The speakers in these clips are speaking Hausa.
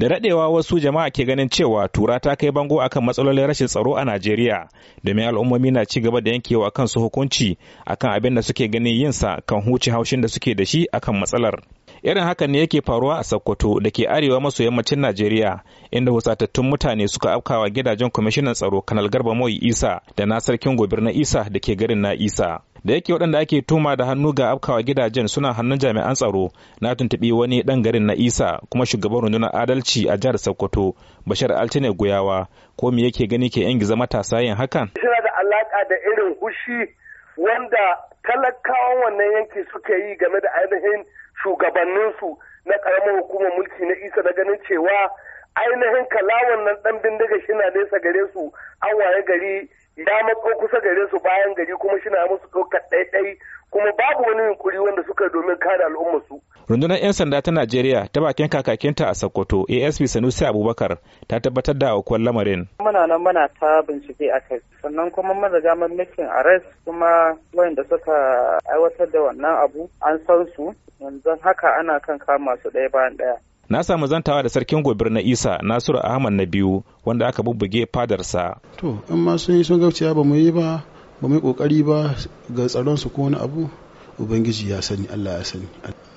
da daɗewa wasu jama'a ke ganin cewa tura ta kai bango akan matsalolin rashin tsaro a najeriya domin al'ummomi na ci gaba da yankewa su hukunci akan abin da suke ganin yinsa kan huce haushin da suke da shi akan matsalar irin hakan ne yake faruwa a sokoto da ke arewa maso yammacin najeriya inda husatattun mutane suka afkawa gidajen kwamishinan tsaro kanal garba moyi isa da na sarkin gobir na isa da ke garin na isa da yake waɗanda ake tuma da hannu ga afkawa gidajen suna hannun jami'an tsaro na tuntuɓi wani ɗan garin na isa kuma shugaban rundunar adalci a jihar sokoto bashar altine guyawa ko me yake gani ke yan giza matasa yin hakan suna da alaka da irin hushi wanda talakawan wannan yanki suke yi game da ainihin shugabanninsu na karamar hukumar mulki na isa da ganin cewa ainihin kalawan nan ɗan bindiga shi na nesa gare su an waye gari ida ko kusa gare su bayan gari kuma shina musu ɗaukar ɗaiɗai kuma babu wani yunkuri wanda suka domin kare al'ummarsu. rundunar 'yan sanda ta najeriya ta bakin kakakinta a sokoto asp sanusi abubakar ta tabbatar da aukuwar lamarin muna nan muna ta bincike a kai sannan kuma mun riga mun mikin arrest kuma wayanda suka aiwatar da wannan abu an san su yanzu haka ana kan kama su ɗaya bayan ɗaya na samu zantawa da sarkin gobir na isa nasiru ahmad na biyu wanda aka bubbuge fadarsa to in ma sun yi sun gauciya ba mu yi ba ba mu yi kokari ba ga tsaron su ko wani abu ubangiji ya sani allah ya sani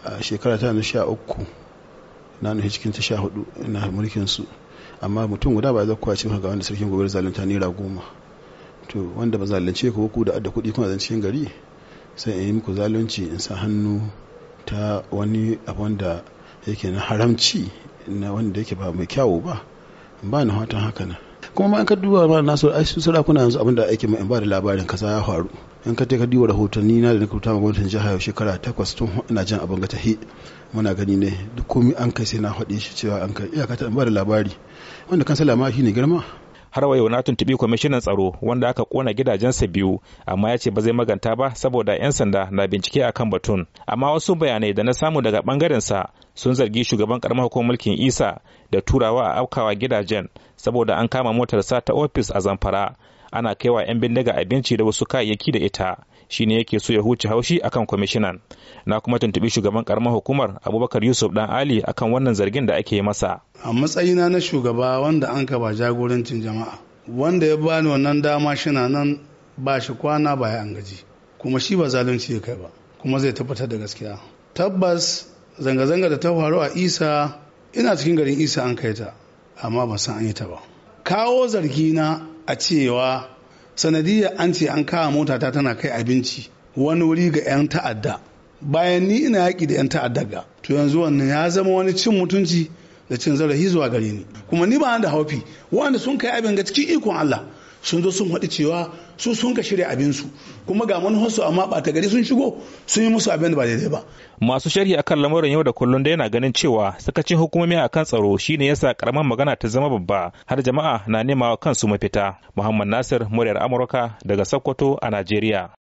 a shekara ta sha uku na nuhi cikin ta sha hudu ina mulkin su amma mutum guda ba ya zakkuwa cikin ga wanda sarkin gobir zalunta naira goma to wanda ba zalunce ku ku da adda kuɗi kuna zan cikin gari sai in yi muku zalunci in sa hannu ta wani abu wanda yake na haramci na wanda yake ba mai kyawu ba ba na fatan haka nan kuma ma in ka duba ma na so ai su sarakuna yanzu abin da ake in ba da labarin kaza ya faru in ka ka duba rahotanni na da na kuta ma gwamnatin jiha yau shekara takwas tun ina jan abin ga tahi muna gani ne duk komai an kai sai na faɗe shi cewa an kai iyaka ta ba da labari wanda kansala ma shine girma har wayo na tuntubi kwamishinan tsaro wanda aka kona gidajensa biyu amma ya ce ba zai maganta ba saboda 'yan sanda na bincike a kan batun amma wasu bayanai da na samu daga bangaren sa sun zargi shugaban karamar hukumar mulkin isa da turawa a aukawa gidajen saboda an kama motarsa ta ofis a zamfara ana kaiwa 'yan bindiga abinci da wasu kayayyaki da ita shine yake so ya huce haushi akan kwamishinan na kuma tuntubi shugaban karamar hukumar abubakar yusuf dan ali akan wannan zargin da ake masa a matsayina na shugaba wanda an ka ba jagorancin jama'a wanda ya bani wannan dama shina nan ba shi kwana ba ya an gaji kuma shi ba zalunci ya kai ba kuma zai tabbatar da gaskiya tabbas zanga-zanga da ta faru a isa ina cikin garin isa an kai ta amma ba san an yi ta ba kawo zargina a cewa sanadiyar an ce an kawo motata tana kai abinci wani wuri ga 'yan ta'adda bayan ni ina yaƙi da 'yan ta'adda ga to yanzu wannan ya zama wani cin mutunci da cin zarafi zuwa gare ni kuma ni ba da haufi wanda sun kai abin ga cikin ikon Allah sun zo sun haɗu cewa su sun ka shirya abinsu kuma ga manufarsu amma ɓata gari sun shigo sun yi musu abin da ba daidai ba. Masu sharhi akan lamarin yau da kullum da yana ganin cewa sakacin hukumomi a kan tsaro shine yasa karamar magana ta zama babba har jama'a na nema kansu mafita. Muhammad Nasir muryar Amurka daga Sokoto a Najeriya.